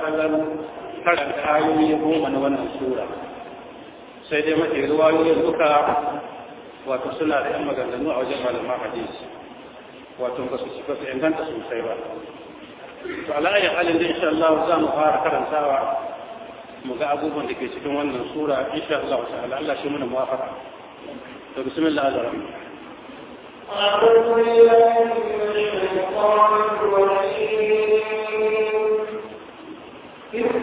falalar karanta ayoyi goma na wannan sura sai dai mafi ruwayoyin duka wato suna da 'yan maganganu a wajen malaman hadisi wato ba su ba su inganta sosai ba to ala'ayyar halin da insha Allah za mu fara karantawa mu ga abubuwan da ke cikin wannan sura insha Allah ta'ala Allah shi muna muwafaka to bismillah al-rahman أعوذ بالله من الشيطان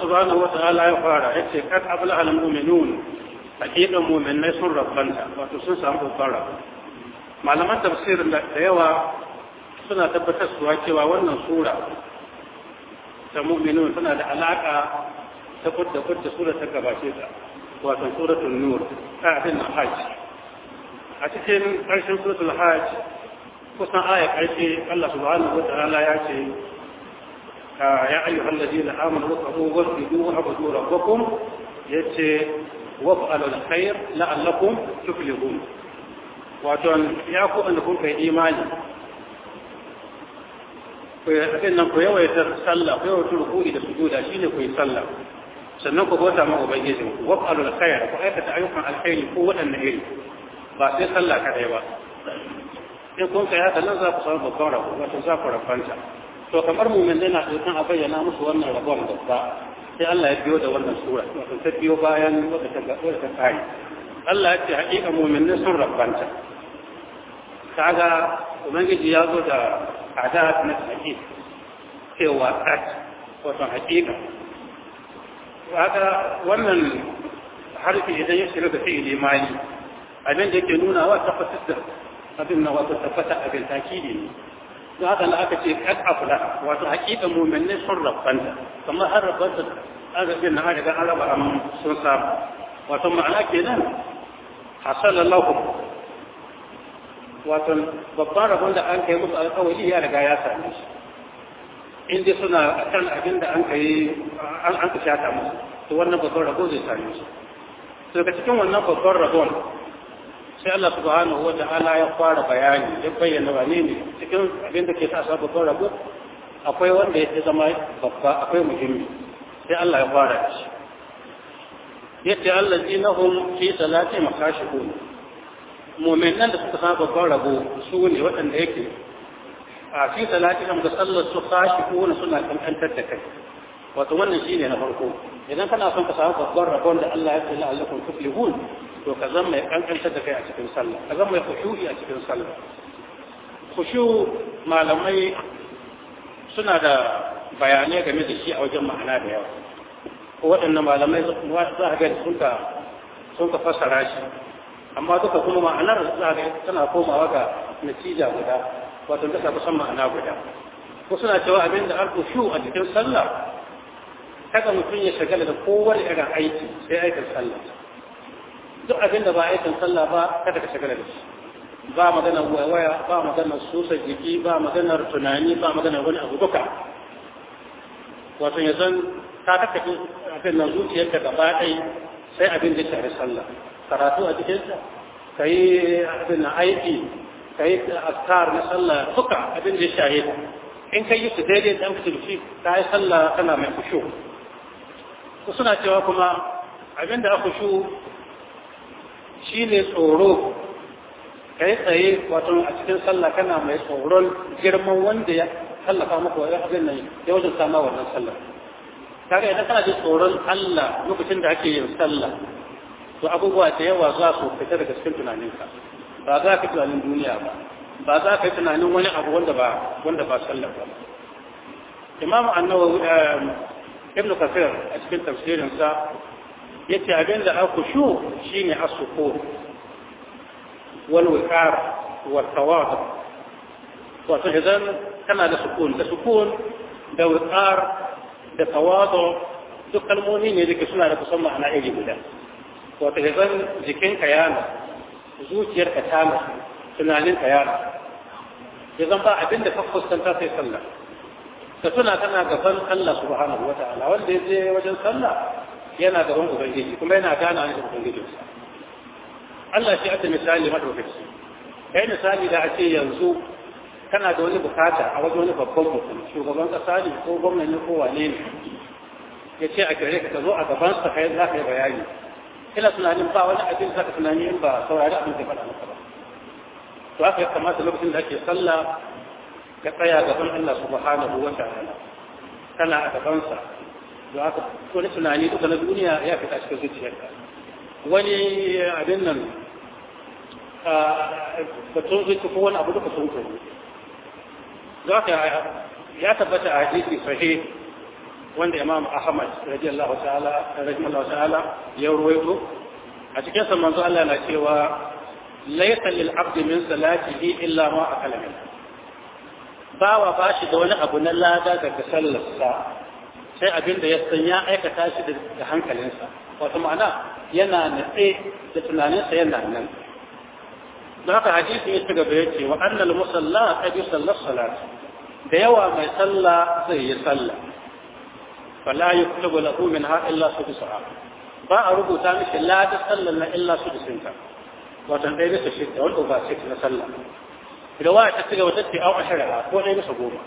subhanahu wataala ya fara ya ce kad abul al mu'minun hakikan mu'minai sun rabbanta wato sun samu malaman tafsirin da yawa suna tabbatar suwa cewa wannan sura ta mu'minun tana da alaka ta kudda kudda sura ta gabace ta wato suratul nur ta hajj a cikin karshen suratul hajj kusan aya karshe Allah subhanahu wataala ya ce يا أيها الذين آمنوا اتقوا واسجدوا وعبدوا ربكم يتي وافعلوا الخير لعلكم تفلحون وأتون يعقوا أنكم في إيمان abin nan ku yawaita sallah ku yawaita ruku'i da sujuda shine ku yi sallah sannan ku bauta ma ubangijin ku waf'alul khair ku aikata ayyukan alkhairi ko wadanne iri ba sai sallah kadai ba in kun kai nan za ku babban wato za ku to kamar mu mumin na dokan a bayyana musu wannan rabon babba sai Allah ya biyo da wannan sura wato ta biyo bayan wadda ta wadda ta kai Allah ya ce haƙiƙa mu'minin sun rabbanta kaga ubangiji ya zo da adab na haƙiƙa cewa at wato haƙiƙa kaga wannan harfi idan ya shiga da fi'ili mali abin da yake nuna wa tabbatar da abin na wato tabbata abin takidi ne don haka na aka ce kad afla wato haƙiƙa mu'minai sun rabanta kamar har rabanta an rabe na an riga an raba an sun samu wato ma'ana kenan hasala lahum wato babban rabon da an kai musu alƙawari ya riga ya same shi in dai suna kan abin da an kai an ka shata musu to wannan babban rabo zai same shi to daga cikin wannan babban rabon sai Allah subhanahu wa ta'ala ya fara bayani ya bayyana wane ne cikin abin da ke sa sa babban rabo akwai wanda ya zama babba akwai muhimmi sai Allah ya fara shi yace allazinahum fi salati makashihun nan da suka sa babban rabo su ne waɗanda yake a fi salati kam ga sallar su kashihun suna kankantar da kai wato wannan shine na farko idan kana son ka samu babban rabon da Allah ya tsalla allakum tuflihun to ka zama mai kankanta da kai a cikin sallah ka zama mai khushu'i a cikin sallah khushu malamai suna da bayanai game da shi a wajen ma'ana da yawa ko waɗannan malamai za a ga sun ka sun ka fassara shi amma duka kuma ma'anar za a ga tana komawa ga natija guda wato duka kusan ma'ana guda ko suna cewa abin da shu a cikin sallah kada mutum ya shagala da kowane irin aiki sai aikin sallah duk abin da ba aikin sallah ba kada ka shagala da shi ba maganar waya ba maganar susa jiki ba maganar tunani ba maganar wani abu duka wato ya zan ka kakkafi abin nan zuciyarka gaba ɗai sai abin da shari sallah karatu a cikinsa ka yi abin nan aiki ka yi askar na sallah duka abin da ya shari in ka yi su daidai da an fi ka yi sallah kana mai kusho su suna cewa kuma abinda aka shu shi ne tsoro ka yi tsaye wato a cikin sallah kana mai tsoron girman wanda ya tallafa maka wani abin nan ya wajen sama wannan sallah kaga idan kana jin tsoron Allah lokacin da ake yin sallah to abubuwa da yawa za su fita daga cikin tunaninka ba za ka tunanin duniya ba ba za ka yi tunanin wani abu wanda ba wanda ba sallah ba imam annawawi eh, ابن كثير أسكن تفسير إنساء يتعبين لها خشوع شيمع الصفور والوقار والتواضع وفهذا كما لسكون لسكون بوقار بتواضع دقة المؤمنين يذكر سنة لتصمع على أيدي بلا وفهذا ذكين كيانا زوج يرقى تامة سنة لين كيانا إذا ما عبين لفقه استنتاتي سنة ka tuna kana gaban Allah subhanahu wa ta'ala wanda ya je wajen sallah yana gaban ubangiji kuma yana gana da ubangiji Allah shi ata misali madaukaki kai misali da a ce yanzu kana da wani bukata a wajen wani babban mutum shugaban kasa ne ko gwamnati ko wane ne ya ce a gare ka ka zo a gaban sa kai za ka yi bayani Kina tunanin ba wani abin za ka tunani in ba saurari abin da faɗa maka ba to haka ya kamata lokacin da ake sallah ka tsaya gaban Allah subhanahu wa ta'ala kana a gabansa don haka wani tunani duka na duniya ya fita cikin zuciyarka wani eh, abin nan batun zuci ko wani abu duka sun kuru don haka ya tabbata a hadisi sahih wanda imam ahmad radiyallahu ta'ala radiyallahu ta'ala ya ruwaito a cikin sa manzo Allah na cewa laysa lil abdi min salatihi illa ma akala minhu bawa ba shi da wani abu na lada daga sallarsa sai abinda da ya san ya aikata shi da hankalinsa wato ma'ana yana natse da tunaninsa yana nan don haka hadisi ya ci gaba ya ce wa annal musalla qad yusalla salat da yawa mai sallah zai yi sallah fala yuktabu lahu minha illa su sa'a, ba a rubuta mishi ladi sallar na illa su sudusinta wato ɗaya bisa shidda wanda ba shi na sallah riwaya ta cigaba ta ce au ashara ko dai bisa goma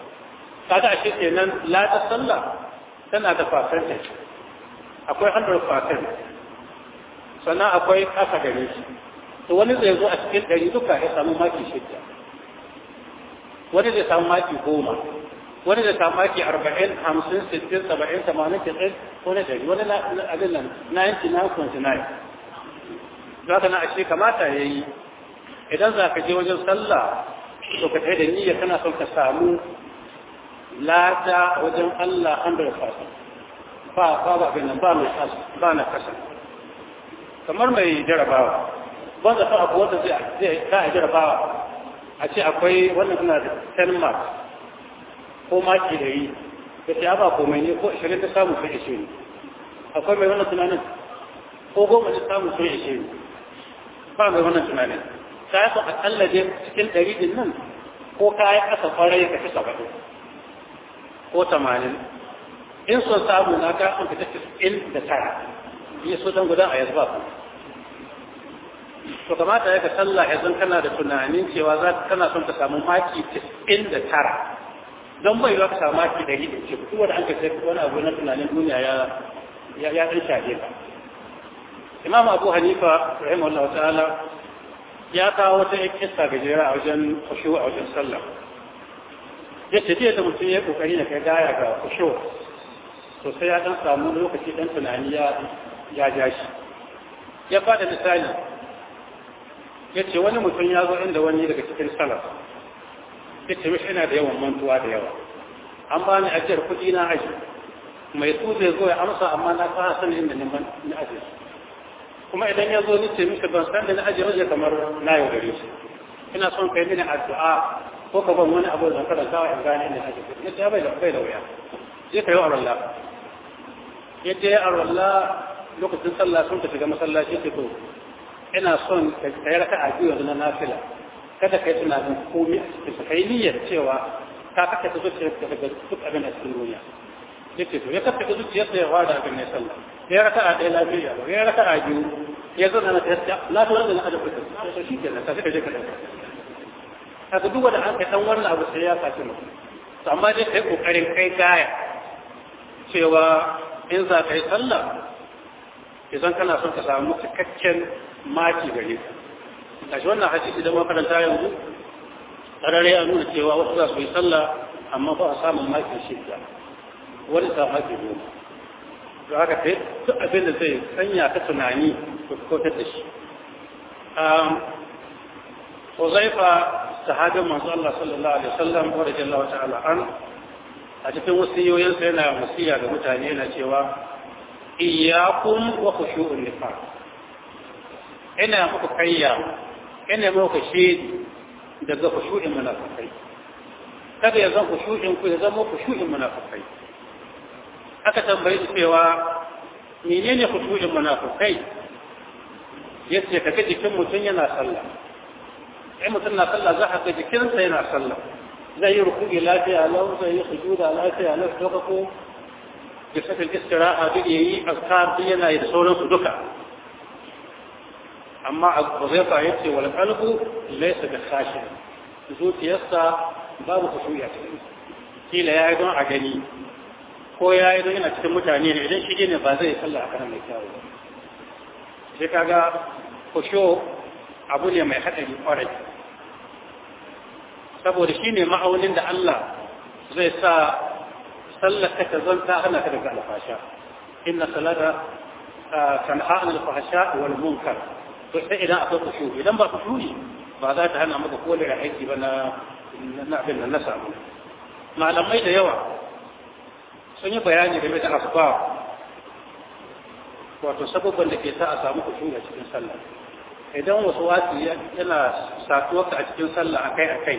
kaga ashe nan la ta sallah tana da fasanta akwai 100% sannan akwai kasa da shi to wani zai zo a cikin dari duka ya samu maki shidda wani zai samu maki goma wani zai samu maki arba'in hamsin sittin saba'in tamanin kitsin wani dari wani abin nan na yanki na hukunci na za ka na a ashe kamata ya yi idan za ka je wajen sallah to ka kai da niyya kana son ka samu lada wajen Allah an da fasa ba ba ba ga nan ba mai kasa ba na kasa kamar mai jarabawa wanda fa abu wanda zai a jarabawa a ce akwai wannan suna da 10 mark ko maki da yi da ta ba komai ne ko 20 ta samu sai ne akwai mai wannan tunanin ko goma ta samu sai ne ba mai wannan tunanin ka yi akalla je cikin ɗari din nan ko ka yi ƙasa fara ya fi saba'in ko tamanin in sun samu na ka sun fita cikin da tara yi so don gudan a yanzu ba to kamata ya ka sallah yanzu kana da tunanin cewa za kana son ka samu maki cikin da tara don bai za ka samu maki ɗari da ce kuma da an ka sai wani abu na tunanin duniya ya ya ɗan shafe ka imam abu hanifa rahimahullahu ta'ala ya kawo wata kissa gajera a wajen kushu a wajen sallah ya ce jiya da mutum ya kokari na kai gaya ga kushu to ya dan samu lokaci dan tunani ya ya ja shi ya bada misali ya ce wani mutum ya zo inda wani daga cikin salaf ya ce mishi yana da yawan mantuwa da yawa an ba ni ajiyar kuɗi na aji mai su zai zo ya amsa amma na fara sanin inda na aji kuma idan ya zo nice miki ban san da na aje waje kamar na yi gare shi ina son kai mini addu'a ko ka ban wani abu zan karanta wa in gane ne kake kuɗi yace bai da bai da wuya je kai wa Allah je ya Allah lokacin sallah sun ta shiga masallaci ke to ina son ka kai raka'a biyu yanzu na nafila kada kai da komai a cikin sa kai niyyar cewa ka kake ta ka daga duk abin da cikin duniya yake to ya kaka ta zuciyarka ya fara abin ne sallah ya raka a ɗaya lafiya ya raka a biyu ya zo na tafiya lafiyar da na ajiye kuɗi to shi ke nan ta ka je ka ɗauka haka duk wanda an kai ɗan wannan abu sai ya saki mu to amma dai kai kokarin kai gaya cewa in za ka yi sallah idan kana son ka samu cikakken maki gare ka shi wannan hadisi idan mun karanta yanzu tarare a nuna cewa wasu za su yi sallah amma ba a samun maki shida wani sa maki goma da haka sai duk abin da zai sanya ta tunani su kautar da shi Huzaifa sahabin manzo Allah sallallahu alaihi wasallam wa radiyallahu ta'ala an a cikin wasiyoyinsa yana wasiya ga mutane yana cewa iyyakum wa khushu'un nifaq ina muku kayya ina muku shedi daga khushu'in munafikai kada ya zan khushu'in ku ya zama khushu'in munafikai aka tambayi su cewa menene khushu'in munafikai yace kaga jikin mutum yana sallah sai mutum na sallah za ka ga jikinsa yana sallah zai yi rukuki lafiya lau zai yi sujuda lafiya lau duka ko da sakin istiraha duk yayi azkar duk yana yi da su duka amma abu zai fa yace wal qalbu laysa bi khashin zuciyarsa babu khushu'i a cikin kila ya yi don a gani ko ya yi yana cikin mutane ne idan shi ne ba zai yi sallah akan mai kyawu ba shekara kaga kusho abu ne mai haɗari ƙwarai saboda shi ne ma'aunin da Allah zai sa sallaka ta zanta hana ka daga alfasha inna salata tanha an alfasha wal munkar to sai idan akwai kusho idan ba kusho ba za ta hana maka kowane aiki ba na abin da na samu malamai da yawa sun yi bayani game da asbab wato sabubban da ke sa a samu kusuri a cikin sallah idan wasu wasu yana satuwarka a cikin sallah akai akai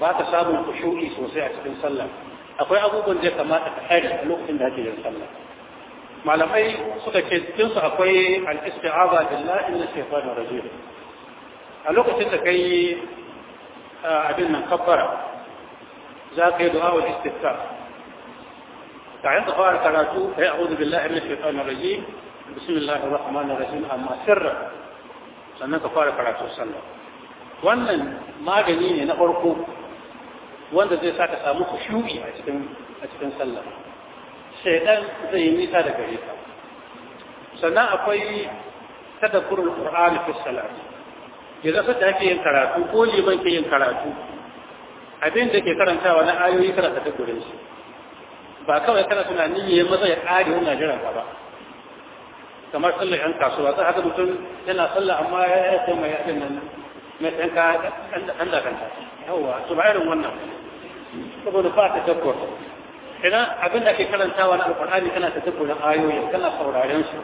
ba ka samun kushuri sosai a cikin sallah akwai abubuwan da ya kamata ka hari a lokacin da ake yin sallah malamai suka ce cikin su akwai al-isti'aza billahi min shaytanir rajim a lokacin da kai abin nan kabbara za ka yi du'a wal istighfar فيظهر كراتو فيعوذ بالله من الشيطان الرجيم بسم الله الرحمن الرحيم أما سر sannan ka fara karatu sallah wannan magani ne na farko wanda zai sa ka samu kushu'i a cikin a cikin sallah shaidan zai yi nisa da gare ka sannan akwai tadabburul qur'ani fi salat idan ka take yin karatu ko liman ke yin karatu abin da ke karantawa na ayoyi karanta ta gurin shi ba kawai kana tunanin ya maza ya ƙare wani jiran ka ba kamar sallar yan kasuwa sai haka mutum yana sallah amma ya yi sai mai yaɗin nan mai ɗan ka ɗan da kanta yawwa su ba irin wannan saboda ba ta tabbar Ina abin da ke karantawa na alƙur'ani kana ta tabbarin ayoyin kana sauraren su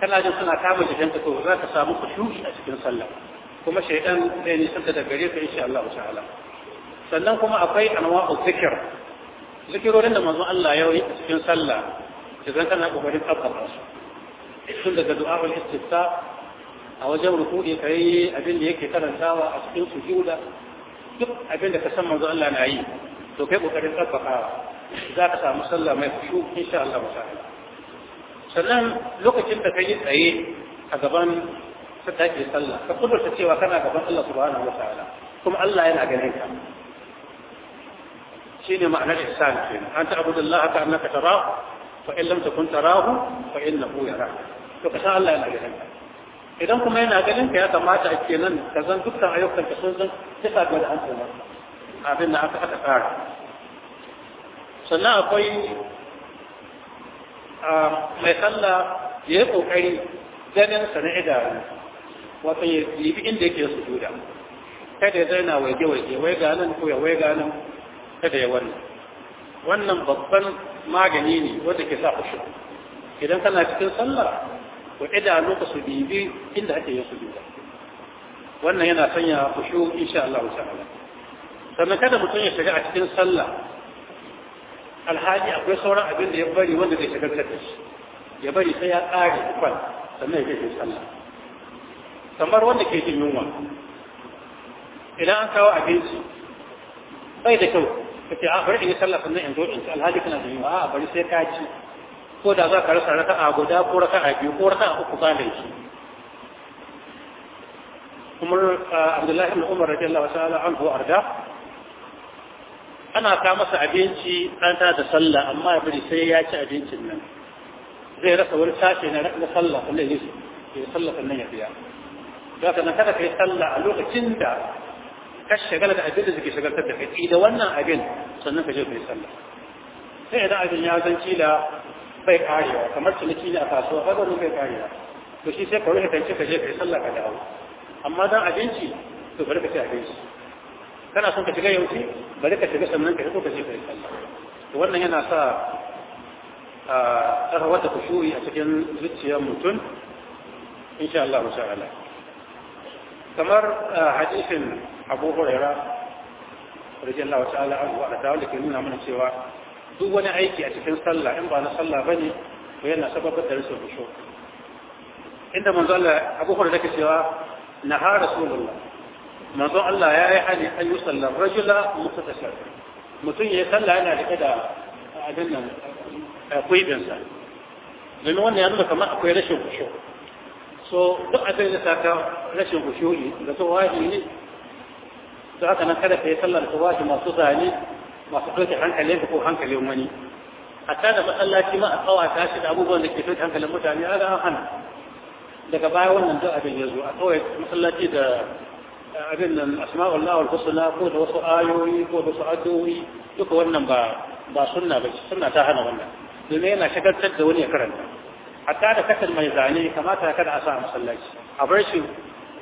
kana jin suna kama jikinka to za ka samu kushu'i a cikin sallah kuma shaidan zai nisanta da gare ka insha Allah ta'ala sannan kuma akwai anwa'u zikr zikirorin da manzon Allah ya yi a cikin sallah da zan kana kokarin tsabbata su tun daga du'a'ul istifta a wajen rukudi kai abin da yake karantawa a cikin sujuda duk abin da ka san manzon Allah na yi to kai kokarin tsabbatawa za ka samu sallah mai khushu insha Allah ta'ala sannan lokacin da kai tsaye a gaban ta sallah ka kudurta cewa kana gaban Allah subhanahu wa ta'ala kuma Allah yana ganin ka shine ma'anar ihsan kenan an ta'budu Allah ka annaka tarahu fa in lam takun tarahu fa innahu yarak to ka san Allah yana ganin ka idan kuma yana ganin ka ya kamata a kenan ka zan dukkan ayyukan ka sun zan kisa ga an tsoma abin da aka aka tsara sannan akwai mai sallah ya yi kokari ganin sa na idanu wato ya yi inda yake sujuda kada ya zaina waje waje wai ganin nan ko ya wai ganin. kada ya wannan wannan babban magani ne wanda ke sa kushu idan kana cikin sallah ko idanu ka su bibi inda ake yin sujuda wannan yana sanya kushu insha Allah ta'ala sannan kada mutum ya shiga a cikin sallah alhaji akwai sauran abin da ya bari wanda zai shiga da shi ya bari sai ya tsare kwan sannan ya je sallah kamar wanda ke jin yunwa idan an kawo abinci bai da kyau kace a ah, bari in yi sallah sannan in zo in ci alhaji kana da yunwa a ah, bari sai ka ci ko da za ka rasa raka a guda ko raka a biyu ko raka a uku ba da shi umar ah, abdullahi ibn umar radiyallahu ta'ala anhu arda ana ka masa abinci an ta da sallah amma ya bari sai ya ci abincin nan zai rasa wani sashe na na sallah sannan ya yi sallah sannan ya biya don haka kada ka yi sallah a lokacin da ka shagala da abin da suke shagaltar da kai da wannan abin sannan ka je ka yi sallah sai idan abin ya zan kila bai karewa kamar na ne a kasuwa ba zan bai karewa to shi sai ka rufe kanci ka je ka yi sallah ka dawo amma dan abinci to bari ka ci abinci kana son ka shiga yauci bari ka shiga sannan ka fito ka je ka yi sallah to wannan yana sa a ku shuri a cikin zuciyar mutum insha Allah ta'ala kamar hadisin abu huraira radiyallahu ta'ala anhu da dawo da ke nuna mana cewa duk wani aiki a cikin sallah in ba na sallah ba ne to yana sababar da rashin khushu inda manzo Allah abu huraira ke cewa na naha rasulullah manzo Allah ya yi hali an yusalla rajula mutasashar mutum ya yi sallah yana rike da abin nan akwai kuibinsa domin wannan ya nuna kamar akwai rashin khushu so duk abin da ta rashin khushu da tsawahi ne to nan kada ka yi sallar subahi masu zane masu ɗauke hankalin ko hankalin wani hatta da masallaci ma a tsawata shi da abubuwan da ke ɗauke hankalin mutane a ga hana daga baya wannan duk abin ya zo a kawai masallaci da abin nan asma'ul lawal husna ko da wasu ayoyi ko da wasu addu'o'i duka wannan ba ba sunna ba sunna ta hana wannan domin yana shagaltar da wani ya karanta hatta da kasar mai zane kamata kada a sa masallaci a bar shi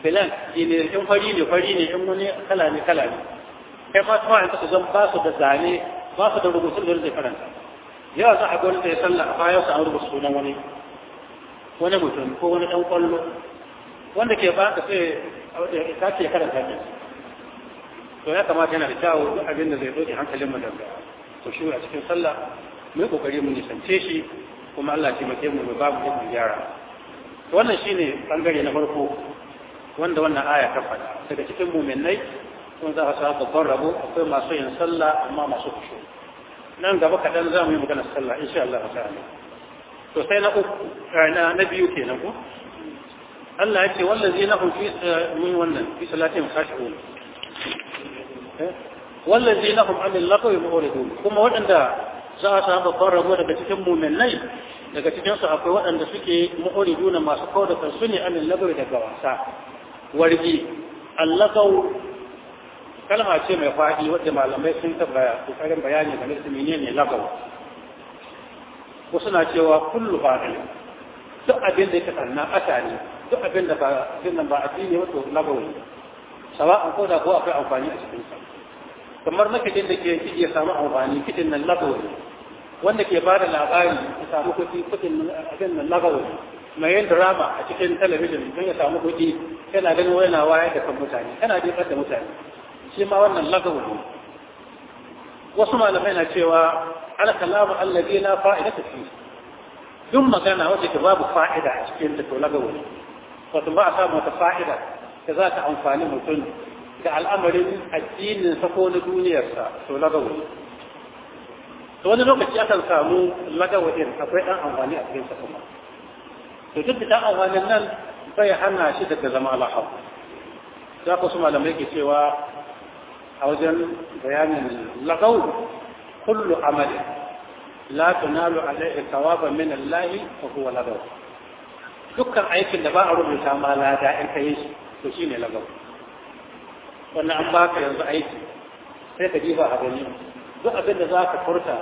filan in fari ne fari ne in wani kala ne kala ne kai ma kuma in suka zan ba su da zane ba su da rubutun da zai karanta yawa za a gwani sai sallah a bayan su an rubuta sunan wani wani mutum ko wani dan kwallo wanda ke ba ka sai ka ce karanta ne to ya kamata yana da kyawu duk abin da zai ɗauke hankalin mu daga to shi a cikin sallah mu yi ƙoƙari mu nisance shi kuma Allah ya taimake mu mu babu mu gyara wannan shine bangare na farko wanda wannan aya ta faɗa daga cikin muminai sun za a sa babban rabo akwai masu yin sallah amma masu kusho nan gaba kaɗan za mu yi maganar sallah insha Allah ta'ala to sai na uku eh, na na biyu kenan ko Allah ya ce wallazi na hum fi eh, min wannan fi salatin khashi'un eh, wallazi na hum amil laqawi mu'ridun kuma waɗanda za a sa babban rabo daga cikin muminai daga cikinsu akwai waɗanda suke mu'riduna masu kawo da kansu ne amil laqawi daga wasa wargi allakau kalma ce mai faɗi wadda malamai sun taɓa kokarin bayani game da menene ne lagau wasu na cewa kullu fadil duk abin da ya kasanna ata ne duk abin da ba abin nan ba ne wato lagau ne an ko da ko akwai amfani a cikin sa kamar makidin da ke kidi ya samu amfani kidin nan lagau ne wanda ke ba da labari ya samu kuɗi kudin abin nan lagau ne mai yin drama a cikin talabijin don ya samu kuɗi kana ganin wani na wayar da kan mutane kana jefar da mutane shi ma wannan lagawu ne wasu malamai na cewa ala kalamu allazi la fa'idata fi duk magana wacce ta babu fa'ida a cikin ta to lagawu ne wato ba a samu wata fa'ida da za ta amfani mutum da al'amarin addinin sa ko na duniyarsa to lagawu ne to wani lokaci akan samu lagawu din akwai ɗan amfani a cikin sa kuma to duk da amfanin nan sai hana shi daga zama lahau za ku su malamai ke cewa a wajen bayanin lagau kullu amali la tunalu alaihi thawaban min Allah fa huwa lagau dukkan aikin da ba a rubuta ma la da in ka yi shi to shine lagau wannan an baka yanzu aiki sai ka jifa a gani duk abin da za ka furta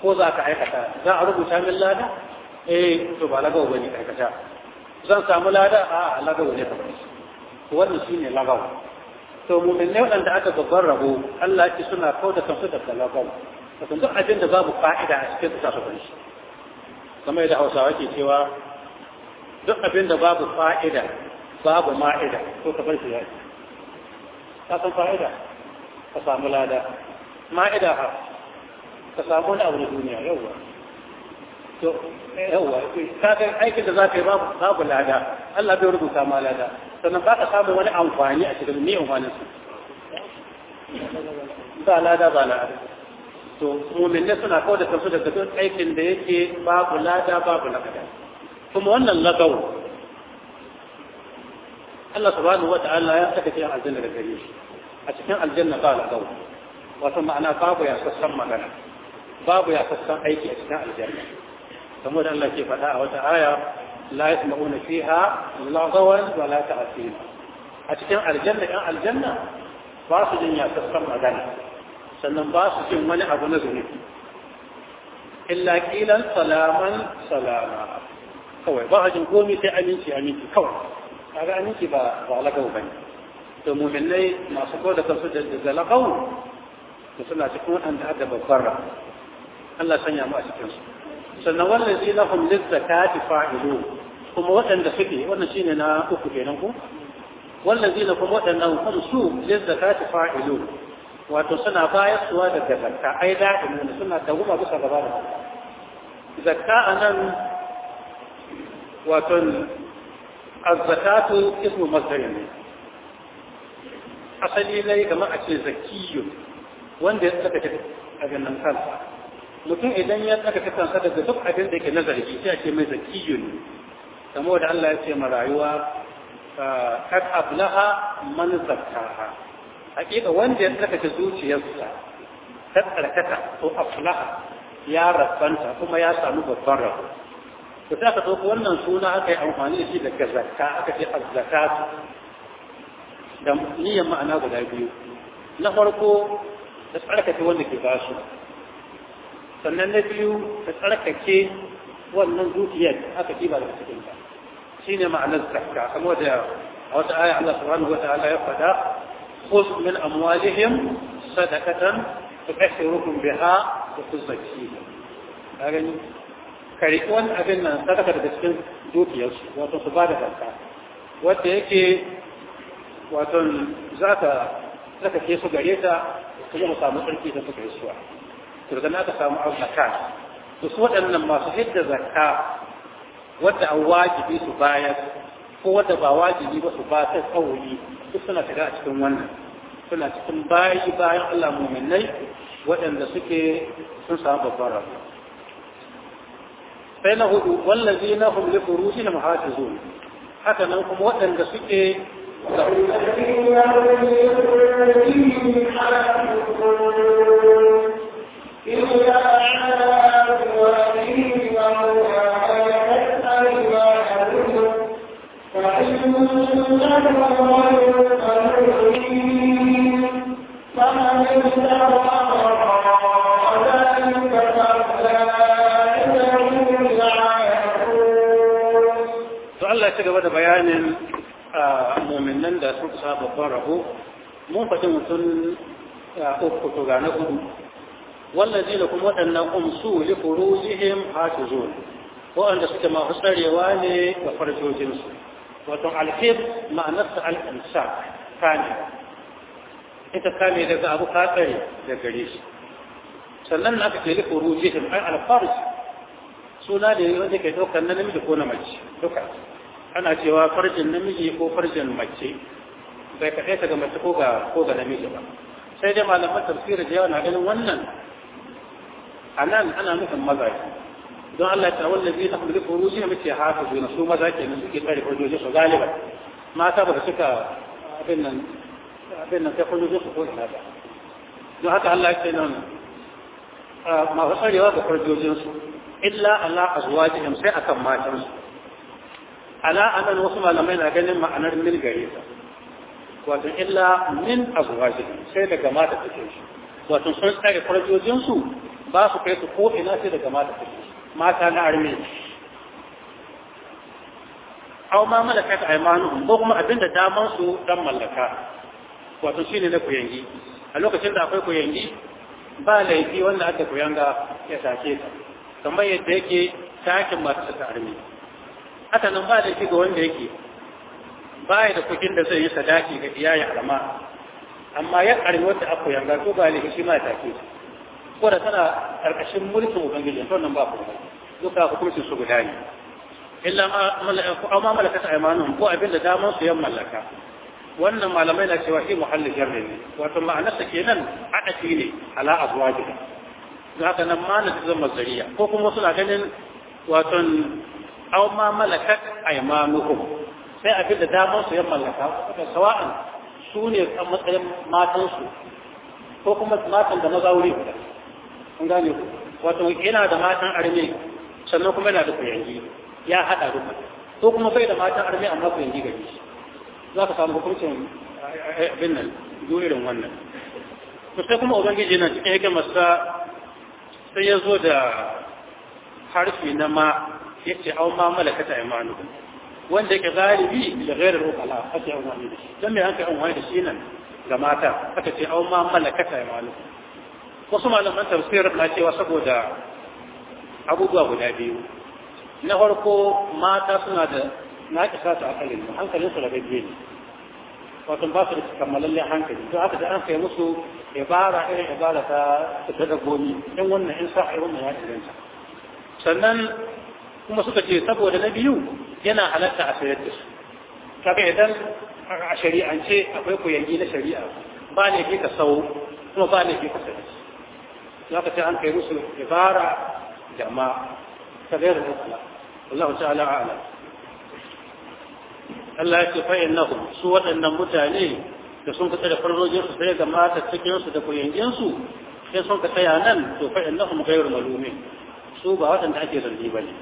ko za ka aikata za a rubuta min lada eh to ba lagau bane aikata zan samu lada a lagawo ne kamar wannan ne lagawo to mu'min ne waɗanda aka babban rabo Allah ya ce suna kauda kansu daga lagawo to duk abin da babu fa'ida a cikin su ta shi kamar yadda Hausawa ke cewa duk abin da babu fa'ida babu ma'ida ko ka bar shi ya ka san fa'ida ka samu lada ma'ida ha ka samu wani abu na duniya yawwa to yawa ga aikin da zaka yi babu babu lada Allah bai rubuta ma lada sannan ba ka samu wani amfani a cikin ni amfanin su ba lada ba lada to mu'minne suna kawo da kansu daga duk aikin da yake babu lada babu nakada kuma wannan lagawo Allah subhanahu wata'ala ya saka cikin aljanna da gare shi a cikin aljanna ba lagawo wato ma'ana babu ya sassan magana babu ya sassan aiki a cikin aljanna ثمود التي فتحها وتعايا لا يسمعون فيها لا ضوء ولا تأثير أتكلم على الجنة كان على الجنة باص الدنيا تسكر مدن سلم باص الدنيا ملع ونزل إلا قيلا سلاما سلاما هو كوي باها جنقومي تأمينتي أمينتي كوي هذا أمينتي بغلق وبين المؤمن لي ما سقوا ده تصد الزلا قوم مثل ما تكون عند أدب القرة الله سنيا ما أشكر sannan wannan shi na hum lizzakati fa'ilu kuma waɗanda suke wannan shine na uku kenan ko wannan zina kuma waɗannan hum su lizzakati fa'ilu wato suna bayar suwa daga zakka ai da'imuna suna dawuma bisa gaba da zakka anan wato az-zakatu ismu masdar ne asali ne kamar a ce zakiyyu wanda ya saka ta a ganin kansa mutum idan ya tsaka kasansa daga duk abin da yake nazari sai ake mai zakiyun kamar da Allah ya ce ma rayuwa kad ablaha man zakkaha hakika wanda ya tsaka zuciyarsa ta tsarkata to ablaha ya rabbanta kuma ya samu babban rabo Ku sai aka wannan suna aka yi amfani da shi daga zakka aka ce azzakatu da niyyar ma'ana guda biyu na farko da tsarkake wanda ke basu sannan na biyu ta tsarkake wannan zuciyar aka kiba daga cikin ka. Shi ne ma'anar zakka kamar da a wata aya Allah subhanahu wata'ala ya faɗa khudh min amwalihim sadaqatan tukassirukum biha wa tuzakkihim kaga ni kari wani abin nan sadaka daga cikin su, wato su bada da zakka wanda yake wato za ka tsarkake su gare ta kuma mu samu tsarki da suka yi suwa to daga naka samu azzaka to su waɗannan masu hidda zakka wadda an wajibi su bayar ko wadda ba wajibi ba su ba ta tsawoyi duk suna shiga a cikin wannan suna cikin bayi bayan Allah muminai waɗanda suke sun samu babban rabu sai na hudu wallazi na hum li furuji na muhafizun haka nan kuma waɗanda suke da da sun sa babban rabo mun faɗin mutum uku to ga na gudu wallazi da kuma waɗannan umsu li furujihim hafizun waɗanda suke masu tsarewa ne ga farjojinsu wato alhib ta al'amsa kane ita kame daga abu ka tsare da gare shi sannan na aka ce li furujihim ai alfarj suna da wanda ke ɗaukar na namiji ko na mace duka ana cewa farjin namiji ko farjin mace bai kaɗai ta ga mace ko ga namiji ba sai dai malaman tafsiri da yawa na ganin wannan anan ana nufin mazaje don Allah ta wallazi ta kulli furuji mace haka su su maza ke nan suke tsare furuji su galiba mata ba su suka abin nan abin nan sai furuji su ko ina ba don haka Allah ya ce nan masu tsarewa ga furujojinsu illa ala azwajihim sai akan matansu ala anan wasu malamai na ganin ma'anar min gare ta wato illa min azwajihim sai daga mata take shi wato sun tsare furujojinsu ba su kai su ko ina sai daga mata take mata na arme aw ma malaka ta aymanuhum ko kuma abinda daman su dan mallaka wato shine na kuyangi a lokacin da akwai kuyangi ba laifi wanda aka kuyanga ya sake ta kamar yadda yake sakin masu ta arme haka nan ba laifi ga wanda yake baya da kudin da zai yi sadaki ga iyayen alama. amma ya arme wanda aka kuyanga ko ba laifi shi ma ya sake ta ko da tana karkashin mulkin ubangiji to nan ba ku duka hukuncin su guda ne illa amma malakata aymanun ko abin da daman su yan mallaka wannan malamai na cewa shi muhallin jarri ne wato ma'anar ma'anarsa kenan adati ne ala azwajika zaka nan ma na zama zariya ko kuma suna ganin wato aw ma malakat aymanuhum sai abin da daman su yan mallaka sawa'an su ne a matsayin matansu ko kuma matan da maza wuri guda kun gane ku wato yana da matan arme sannan kuma yana da kuyangi ya haɗa duka ko kuma bai da matan arme amma kuyangi gari za ka samu hukuncin eh, eh, abin nan irin wannan to sai kuma ubangiji na cikin yake masa sai ya zo da harfi na ma ya ce au ma malakata imanu wanda yake zalibi da gairar rokala ake yawan wani da shi don me an kai wani da shi nan ga mata aka ce au ma malakata imanu wasu malaman tafsir na cewa saboda abubuwa guda biyu na farko mata suna da na kisa su akalin hankalin su da biyu ne wato ba su da kammalallen hankali don haka da an kai musu ibara irin ibara ta ta dagomi in wannan in sa a yi wannan ya tsiranta sannan kuma suka ce saboda na biyu yana halatta a sayar da su kaga idan a shari'ance akwai koyayi na shari'a ba ne ke ka sau kuma ba ne ke ka sayar zaka ta an kai musu ibara jama'a ta gairu mutlaq Allah ta'ala a'lam Allah ya ce fa innahum su waɗannan mutane da sun fita da farrojin su sai ga mata cikin su da kuyangin su sai sun ka tsaya nan to fa innahum ghayru malumin su ba waɗanda ake zargi bane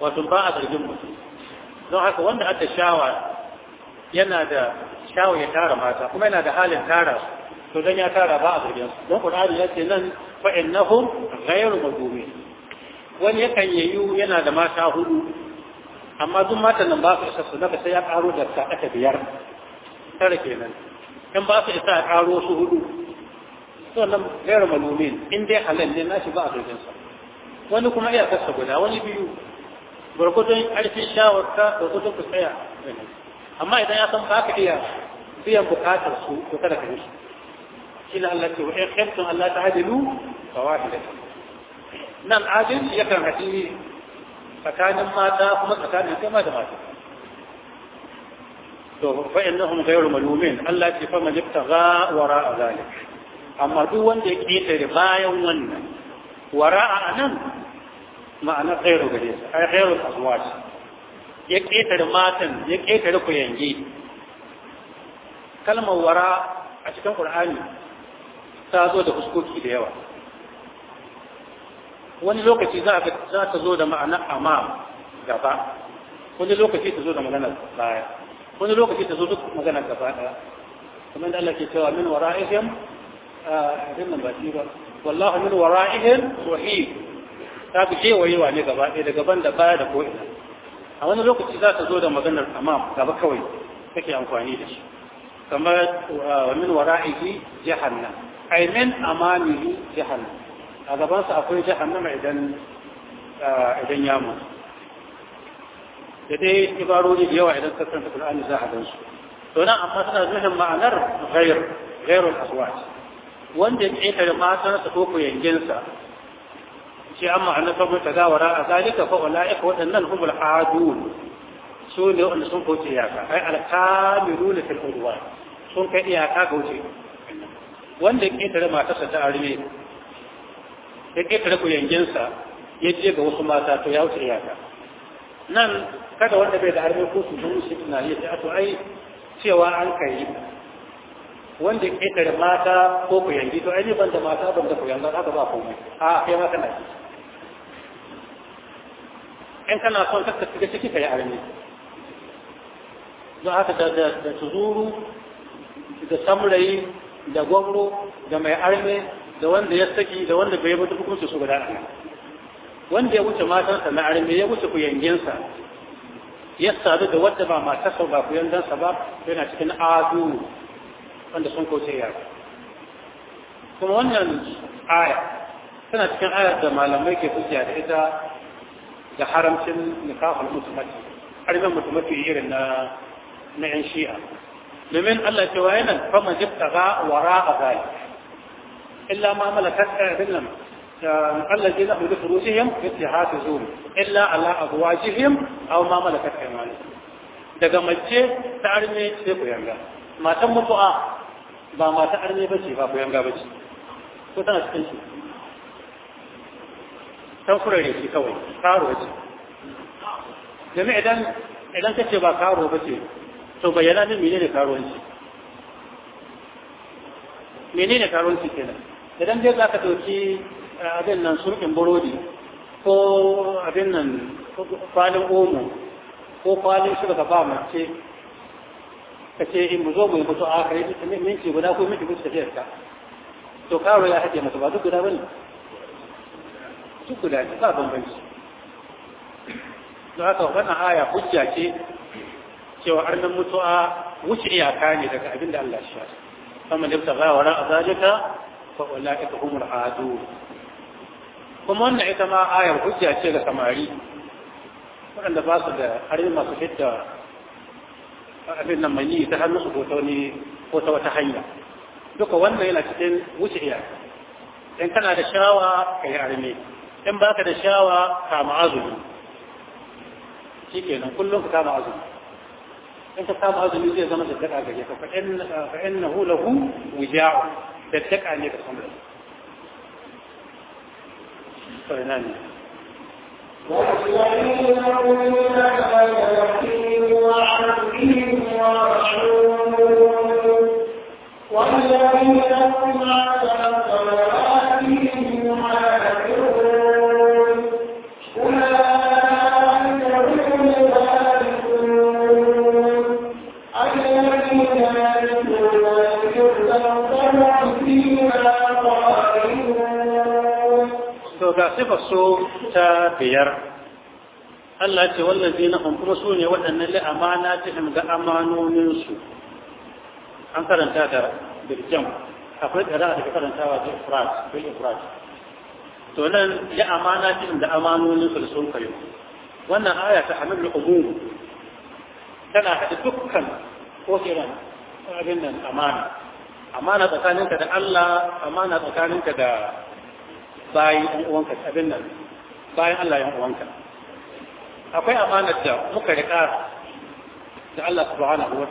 wato ba a zargin mutum don haka wanda aka shawa yana da shawa ya tara mata kuma yana da halin tara su to dan ya tara ba a zargin su don Qur'ani ya ce nan fa innahum ghayru wani yakan yayu yana da mata hudu amma duk mata nan ba su isa su daga sai ya karo da aka biyar tare kenan in ba su isa ya karo su hudu to nan ghayru madumin in dai halal ne nashi ba a zargin sa wani kuma iya kasa guda wani biyu gurgudun ƙarfin shawarta gurgudun ku tsaya amma idan ya san ba ka iya biyan bukatar su to kada ka yi إلى التي وحي أن لا تعدلوا فواحدة نعم عادل يكرم حديثي فكان ما داف ما فكان كما دمات فإنهم غير ملومين التي فما يبتغى وراء ذلك أما دوان دي كيتر غاية ومن وراء أنم معنى غير غريزة أي غير الأزواج يكيتر ماتن يكيتر كينجي كلمة وراء عشان القرآن ta zo da huskoki da yawa wani lokaci za ta zo da ma'ana amma gaba wani lokaci ta zo da maganar baya wani lokaci ta zo duk maganar gaba daya kamar da Allah ke cewa min wara'ihim abin nan ba shi ba wallahu min wara'ihim muhit ta fi kewayewa ne gaba ɗaya da gaban da baya da ko'ina a wani lokaci za ta zo da maganar amma gaba kawai take amfani da shi kamar min wara'ihi jahannam ay amani amamihi jahannam a gabansa akwai jahannama idan idan ya mutu da dai ibarori da yawa idan ka karanta Qur'ani za a gansu to amma suna zuhin ma'anar ghair ghairul azwaj wanda ya ƙetare matarsa ko ku yanginsa shi amma an ka ta gawara a zalika fa ulaika waɗannan humul adun su ne wanda sun kauce iyaka ai alkamiluna fil udwan sun kai iyaka ga wuce wanda ya ƙetare matarsa ta arme ya ƙetare kuyanginsa ya je ga wasu mata to ya wuce iyaka nan kada wanda bai da arme ko su zuru shi na yi ta to ai cewa an kai wanda ya ƙetare mata ko kuyangi to ai ban da mata ban da kuyangar haka ba komai a kai ma kana in kana son ka shiga ciki ka yi arme don haka da tuzuru da samurai da gwamro da mai arme da wanda ya saki da wanda bai mutu hukunci su guda wanda ya wuce matansa na arme ya wuce kuyanginsa ya sadu da wadda ba matarsa ba kuyangansa ba yana cikin adu wanda sun kauce yaro kuma wannan aya tana cikin ayar da malamai ke fuskiya da ita da haramcin nikahul mutumati arzan mutumati irin na na yan shi'a domin Allah cewa yana fama jibta ga wara a zai illa ma malakat ɗin nan Allah ji zaɓi da furushihim yadda haka zuwa illa ala abuwajihim aw ma malakat aymanu daga mace ta arme sai ku yanga matan mutu'a ba mata arme ba ce ba ku yanga ba ce ko tana cikin shi tan kurare shi kawai karo ce Jami'a idan idan ce ba karo ba ce to bayyana min menene karuwanci menene karuwanci kenan idan dai zaka dauki eh, abin nan surkin burodi ko abin nan kwalin omo ko kwalin shi ka ba mace ka ce in mu zo mu yi mutu a kai minti guda ko minti guda tafiyar ka to karo ya haɗe masa ba duk guda bane duk guda ba bambanci don haka wannan aya hujja ce cewa arnan mutuwa wuce iyaka ne daga abin da Allah shi kama da ta wa ra'a zalika fa ulaika humul adu kuma wannan ita ma ayar hujja ce ga samari wanda ba su da harin masu fidda abin nan mai ta hannun su ko ta ko ta wata hanya duka wannan yana cikin wuce iyaka in kana da shawa ka yi arme in baka da shawa kama azumi shikenan kullum ka kama azumi انت صاحب هذا الوزيع زمان الدكعة جيدة فإن فإنه له وزاع الدكعة نيك الخمرة فإنان والذين هم على صلاتهم يحافظون To ga sifar so ta biyar, Allah ce wallazi na kuma su ne waɗannan la'amana ta ga amanoninsu. An karanta da birjan, akwai ƙara da karantawa da Ifrat, bil Ifrat. To nan la'amana ta ga amanoninsu da sun kayo. Wannan aya ta hamil al'umum tana haɗe dukkan ko kiran abin nan amana amana tsakaninka da Allah amana tsakaninka da bayan uwanka abin nan bayan Allah uwanka akwai amanar da muka riƙa da Allah subhanahu wa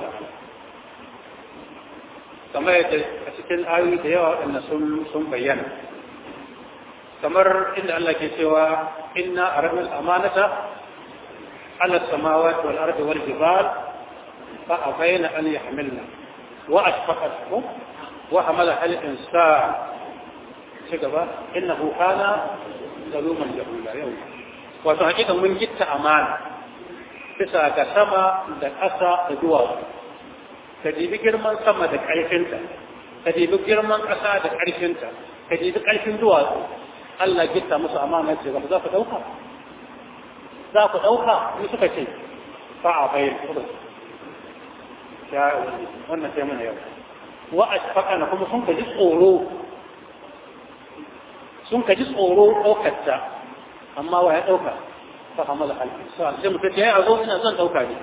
kamar yadda a cikin ayoyi da yawa waɗanda sun bayyana kamar inda Allah ke cewa inna aramil amanata ala samawati wal ardi wal jibal fa abaina an yahmilna وأشفقته وحملها الإنسان إنه كان ظلوما جهولا يوما وتحكيته من جدت أمانة بسا كسما لك أسا إدوار تجيب جرمان سما لك عليك أنت تجيب جرمان أسا لك عليك أنت تجيب عليك إدوار ألا جدت مسا أمان يسيرا فذاك أوقع ذاك أوقع نسكة شيء فعبين فضل sha wannan sai muna yau wa ashfaqana kuma sun kaji tsoro sun kaji tsoro ɗaukarta amma wa ya ɗauka ta hamala alfisar sai mutum ya yi azo ina zan ɗauka ne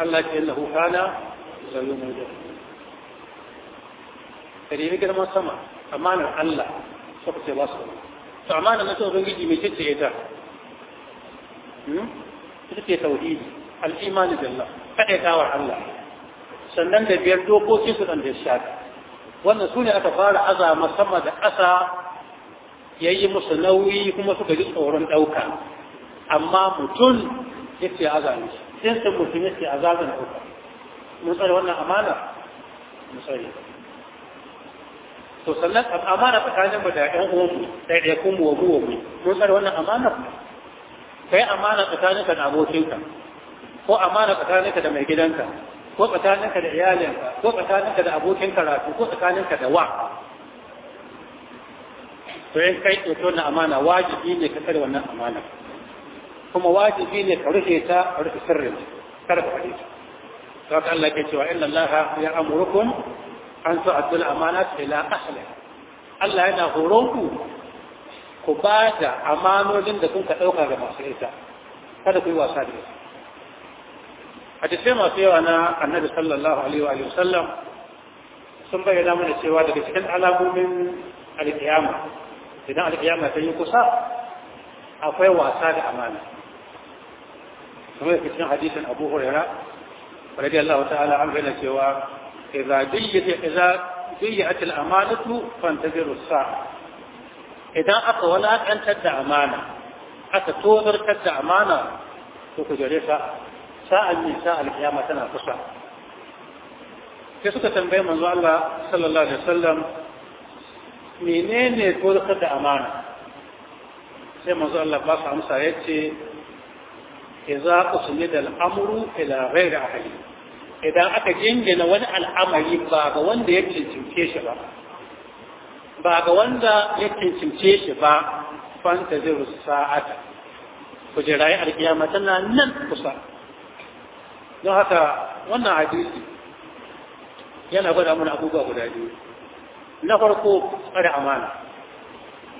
Allah ke lahu kana zayu mai da kare girman sama amanar Allah suka ce ba su to amanar na ta ubangiji mai ce ce ita ita ce tauhidi al'imani billah kaɗaitawar Allah sannan da biyar dokoki su ɗan shafi wannan su ne aka fara azama sama da ƙasa ya yi musu nauyi kuma suka ji tsoron ɗauka amma mutum ya ce azami sun sai mutum ya ce azamin ɗauka mun tsare wannan amana mun tsare to sannan amana tsakanin mu da ƴan uwanmu ɗaiɗaikun mu wa mu mun tsare wannan amana kai amana tsakaninka da ka. ko amana tsakaninka da mai gidanka ko tsakaninka da iyalinka ko tsakaninka da abokin karatu ko tsakaninka da wa to in kai tsoto na amana wajibi ne ka kare wannan amana kuma wajibi ne ka rufe ta a rufe sirrin kar ka faɗi ta to Allah ke cewa inna Allah ya amurukum an amana ta ila ahliha Allah yana horon ku ku ba da amanonin da kun ka ɗauka ga masu ita kada ku yi wasa da ita حديثين وثيرنا عن النبي صلى الله عليه وآله وسلم ثم بينا من السوا ذلك كان على من القيامة بناء القيامة في القصة أفوي وأسال أمانة ثم يكتب حديث أبو هريرة رضي الله تعالى عنه بين السوا إذا جيت إذا جيت الأمانة فانتظروا الساعة إذا أقولت أن تدع أمانة أتتوبر تدع أمانة تكجريسها sa'an ne sa'an alkiyama tana kusa sai suka tambaye manzo Allah sallallahu alaihi wasallam menene gurka da amana sai manzo Allah ba su amsa ya yace idza usnida al-amru ila ghairi ahli idan aka jingina wani al'amari ba ga wanda ya cincince shi ba ba ga wanda ya cincince shi ba fanta zai sa'ata ku jira alkiyama tana nan kusa don haka wannan hadisi yana gwada mana abubuwa guda biyu na farko tsare amana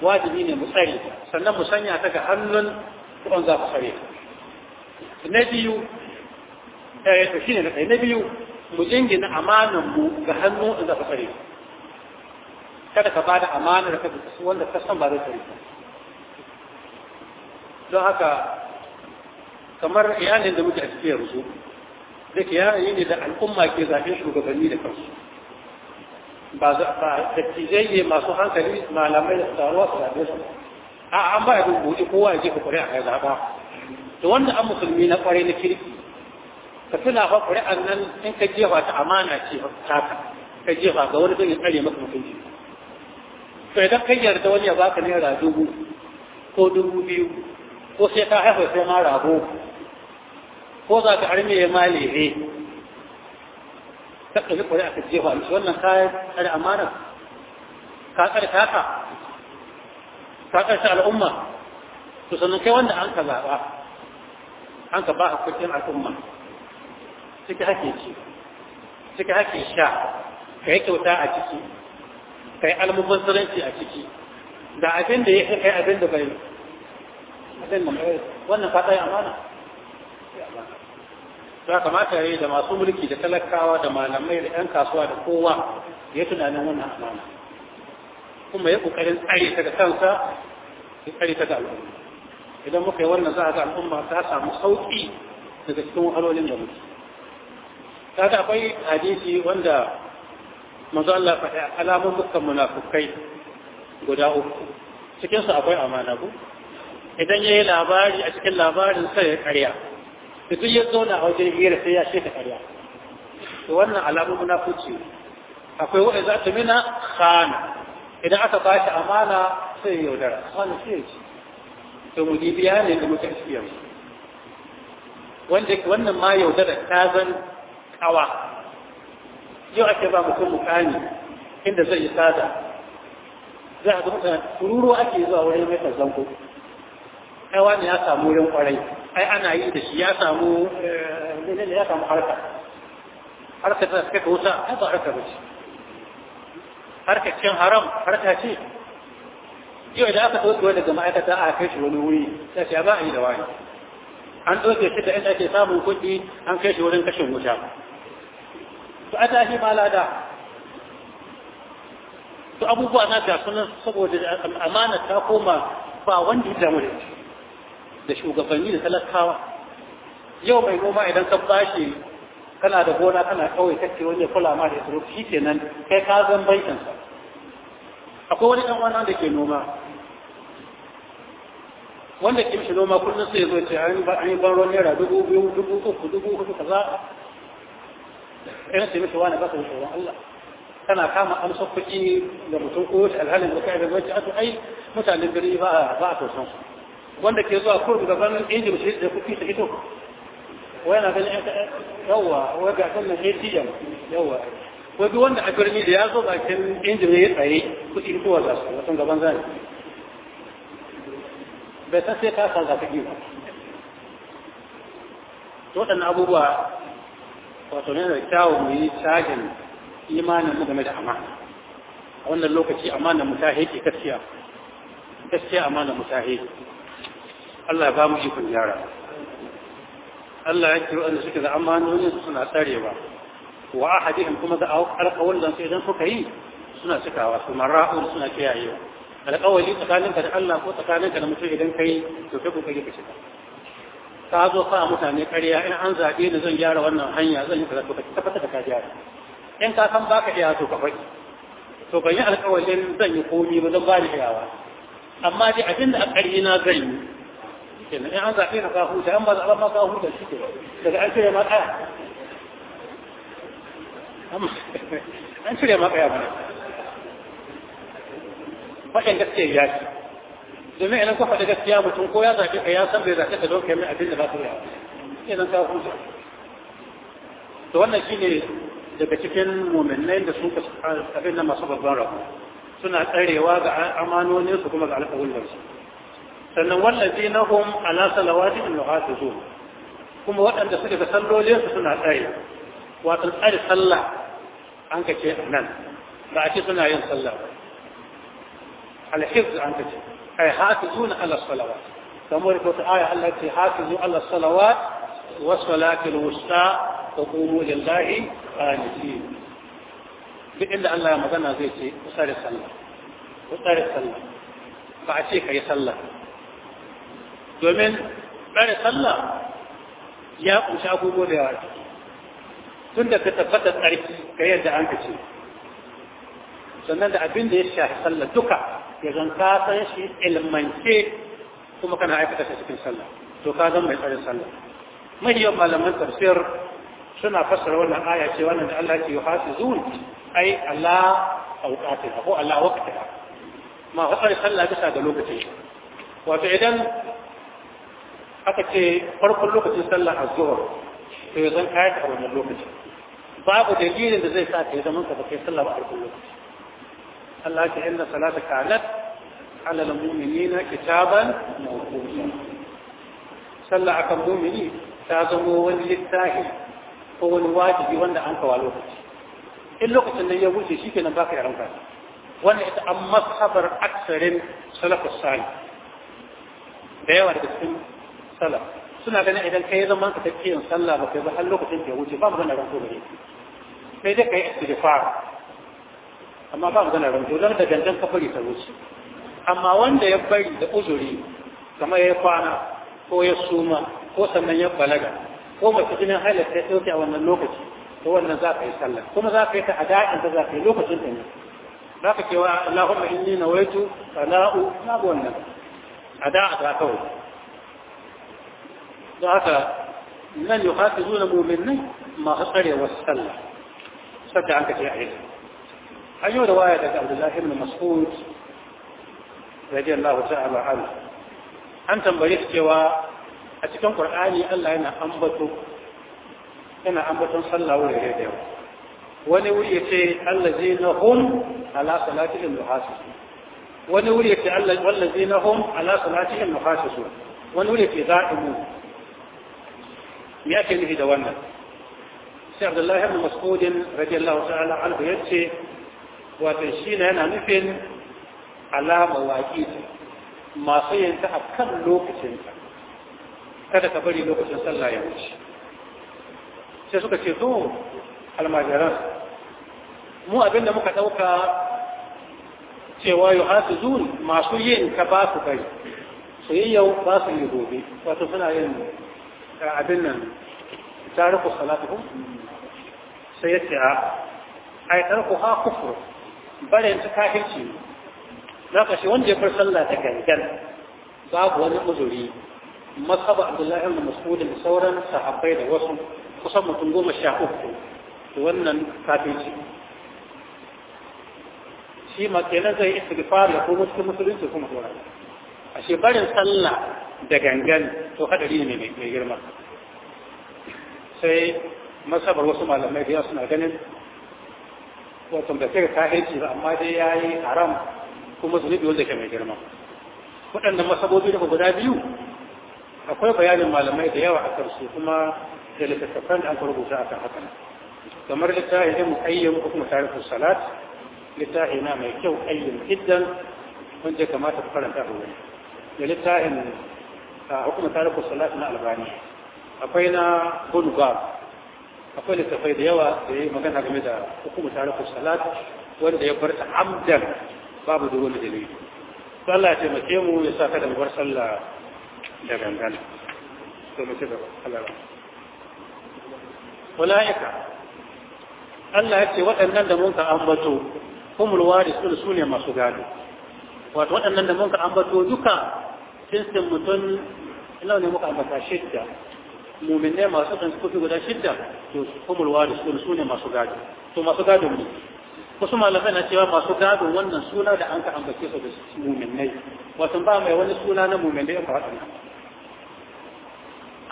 wajibi ne mu tsare sannan mu sanya ta ga hannun kuɗin za ku tsare na biyu shi ne na ɗaya na biyu mu jingina amanan mu ga hannu in za ku tsare kada ka bada amana da kake wanda ka san ba zai tsare don haka kamar iyalin da muke a cikin yanzu duk yayi ne da al'umma ke zaɓe shugabanni da kansu ba dattijai masu hankali malamai da taruwa su zaɓe su a an ba abin buɗe kowa ya jefa ƙuri'a ya zaɓa to wanda an musulmi na ƙwarai na kirki ka tuna fa ƙuri'an nan in ka jefa ta amana ce taka ka jefa ga wani zai ya tsare maka mutunci to idan kai yarda wani ya baka naira dubu ko dubu biyu ko sai ka haifa sai ma rago ko za ka arme ya male ne ka kalli ƙuri'a ka jefa mishi wannan kayan tsare amana ka tsare taka ka tsare al'umma to sannan kai wanda an ka zaɓa an ka ba haƙƙoƙin al'umma ciki hake ci ciki hake sha ka yi kyauta a ciki ka yi almubazzaranci a ciki da abin da ya kai abin da bai abin da wannan ka tsaye amana za kamata yayi da masu mulki da talakawa da malamai da yan kasuwa da kowa ya tunanin wannan amana kuma ya kokarin tsare ta ga kansa ya tsare ta ga al'umma idan muka yi wannan za a ga al'umma ta samu sauki daga cikin wahalolin da muke da akwai hadisi wanda manzo Allah fa alamun dukkan munafikai guda uku cikinsu akwai amana ku idan ya yi labari a cikin labarin sai ya karya da duk ya zauna a wajen hira sai ya sheka karya to wannan alamun munafuci akwai wa'i za ta mina khana idan aka ba shi amana sai yaudara wani sai ce to mu biya ne da muka ci wanda wannan ma yaudara ta zan kawa yau ake ba mutum mukami inda zai yi sada za a ga tururu ake zuwa wurin mai zango kawa ne ya samu wurin kwarai ai ana yi da shi ya samu eh, ya samu harka harka ta suka wuta ai ba harka bace harka cin haram harka ce yau da aka ɗauke daga ma'aikata a kai shi wani wuri ta ce ba a yi da wani an ɗauke shi da inda ake samun kuɗi an kai shi wurin kashin wuta to a tashi ma lada to abubuwa na ga sunan saboda amana ta koma ba wanda ya damu da shi da shugabanni da talakawa yau mai goma idan ka bashi kana da gona kana kawai kake wani kula ma da tsoro shi kenan kai ka zan baitan sa akwai wani dan wani da ke noma wanda ke shi noma kullum sai zo ce an ba an yi ban ruwan naira dubu biyu dubu uku dubu uku kaza ina ce mishi wani baka da tsoron Allah kana kama amsa kuɗi da mutum ko wata alhalin da kai da wacce ai mutanen gari ba a tausan su wanda ke zuwa kurum gaban injin shi da kuɗi ta hito wai na ganin yawa wai ga sannan atm yawa wai duk wanda a birni da ya zo bakin injin ya tsaye kuɗi hitowa za su wasan gaban zani bai san sai ka san za ka ba to waɗannan abubuwa wato ne da kyawun mu yi cajin imanin mu game da amana a wannan lokaci amanar mu ta heke gaskiya gaskiya amanar mu ta heke Allah ba mu ikon gyara Allah ya kiro wanda suke da amanonin su suna tsarewa wa ahadihim kuma da alƙawallan su idan suka yi suna cikawa su mara'un suna kiyayewa alƙawali tsakaninka da Allah ko tsakaninka da mutum idan kai to kai kokari ka cika ka zo ka mutane ƙarya in an zaɓe ni zan gyara wannan hanya zan yi kaza to ka tabbata da ka gyara in ka san baka iya to ka faɗi to ban yi alƙawalin zan yi komi ba zan ba ni iyawa amma dai abinda a ƙarfi na zan yi kenan in an zaɓe ka ka huta an ba zaɓa ma ka huta shi ke daga an cire ma ƙaya an cire ma ƙaya mana faɗin gaskiya ya ce domin idan ka faɗi gaskiya mutum ko ya zaɓe ka ya san bai zaɓe ka don ka yi abin da ba ka yi kenan ka huta to wannan shine daga cikin muminai da sun abin da masu babban rabu suna tsarewa ga amanoninsu kuma ga alƙawullarsu sannan wallazi na hum ala salawati in yuhafizun kuma waɗanda suka ga sallolin su suna tsaye wato tsare sallah an ka ce nan ba a ce suna yin sallah ba alhifz an ka ce ay hafizun ala salawat kamar ko ta aya Allah ce hafizu ala salawat wa salatil wusta وقوموا لله قانتين بإلا الله يا مغنى زي شيء وصار يصلى وصار يصلى بعد شيء كي يصلى domin tsare sallah ya kunshi abubuwa da yawa tun da ka tabbata tsarki ga yadda an ka ce sannan da abin da ya shafi sallah duka ya zan ka san shi ilmance kuma kana aikata shi cikin sallah to ka zan mai tsarin sallah mahiyan malaman tafsir suna fassara wannan aya ce wannan da Allah ke yi hasizun ai Allah auqatiha ko Allah waqtiha ma fasar sallah bisa ga lokacin wato idan aka ce farkon lokacin sallar azzuhur to ya zan kayan a wannan lokacin babu dalilin da zai sa ka yi zaman ka kai sallah ba a farkon lokaci Allah ta inna salata kanat ala al-mu'minina kitaban mawquta sallah akan mu'mini ta zamo wani littafi ko wani wajibi wanda an kawo lokaci in lokacin da ya wuce shi kenan baka yaran ka wannan ita an masabar aksarin salafus salih da yawa daga cikin salaf suna ganin idan kai zaman ka tafiyan sallah ba kai ba har lokacin da ya wuce ba magana ranto gare ki sai dai kai istighfar amma ba magana ranto dan da gangan ka bari ta wuce amma wanda ya bari da uzuri kamar ya kwana ko ya suma ko sannan ya balaga ko mace jinin halar ta dauke a wannan lokaci to wannan za ka yi sallah kuma za ka yi ta a da'in ta za ka yi lokacin da ne za ka cewa Allahumma inni nawaitu sana'u na wannan a da'a ta kawai ضعف من يقاتلون مؤمنا ما أصغر وسلم سد عنك في أحيان أي رواية عبد الله بن مسعود رضي الله تعالى عنه أنت مريض جوا أتكون قرآني الله أنا أنبتك أنا أنبت صلى الله عليه وسلم ولي الذين هم على صلاتهم يحاسسون ونوريك الذين هم على صلاتهم يحاسسون ونوريك ذائمون me ake nufi da wannan sai abdullahi ibn mas'udin radiyallahu ta'ala anhu yace wato ne yana nufin alama waƙi masu yin ta akan lokacin ta kada ka bari lokacin sallah ya wuce sai suka ce to almajiran mu abinda muka ɗauka cewa yau hasu masu yin ka ba su bari su ba su yi gobe wato suna yin A abin nan tariku salatuhum sai ya ce a ai tarku ha kufur barin ta kafirci na kashe wanda ya far sallah ta gangan babu wani uzuri masaba abdullahi ibn mas'ud da sauran sahabbai da wasu kusan mutum goma sha uku wannan kafirci shi ma kenan zai istighfar ya ko cikin musulunci kuma dora ashe barin sallah da gangan to hadari ne mai girma sai masabar wasu malamai da suna ganin wato da sai ka haici ba amma dai yayi haram kuma su ne wanda ke mai girma waɗannan masabobi da guda biyu akwai bayanin malamai da yawa akan su kuma da littattafan da an rubuta akan kan hakan kamar littafi da mu ayyam ko kuma tarihin salat littafi na mai kyau ayyam hiddan wanda kamata ku karanta ku da littafin hukumar tariku salatu na albani akwai na bulgar akwai littafai da yawa da ya magana game da hukumar tariku salatu wanda ya bar ta amdan babu da wani dalili sallah ya mace mu ya sa kada mu bar sallah da gangan to mu ci gaba Allah ulaika Allah ya ce waɗannan da mun ka ambato humul warisun sune masu gado wato waɗannan da mun ka ambato duka jinsin mutum ina ne muka ambata shidda muminai masu kan kufi guda shidda to kumul waris kun su ne masu gado to masu gado ne wasu malamai na cewa masu gado wannan suna da an ka ambace su da muminai wato ba mai wani suna na muminai ba haka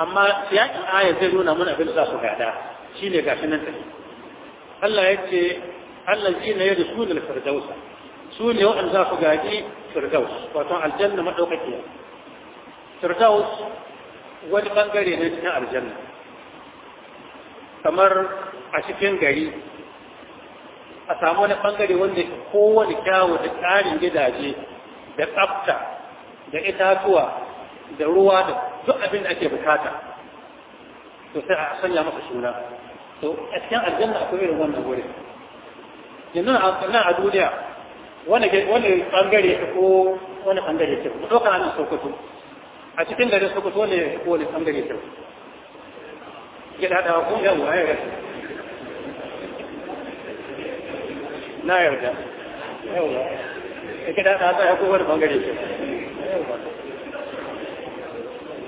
amma yakin aya zai nuna mana abin za su gada ne gashi nan take Allah ya ce Allah shi ne ya rusul sunan firdausa su ne waɗanda za su gaji firdaus wato aljanna madaukakiya firdaus wani bangare ne cikin aljanna kamar a cikin gari a samu wani bangare wanda kowane kyawu da tsarin gidaje da tsafta da itatuwa da ruwa da duk abin da ake bukata to sai a sanya masa suna to a cikin aljanna akwai irin wannan wuri yanzu na a duniya wani bangare ko wani bangare ce ko ɗauka nan sokoto a cikin garin sokoto wanda ya ko wani bangare kyau ya dada ko yawa ya yarda na yarda yawa ya dada ta ko wani bangare kyau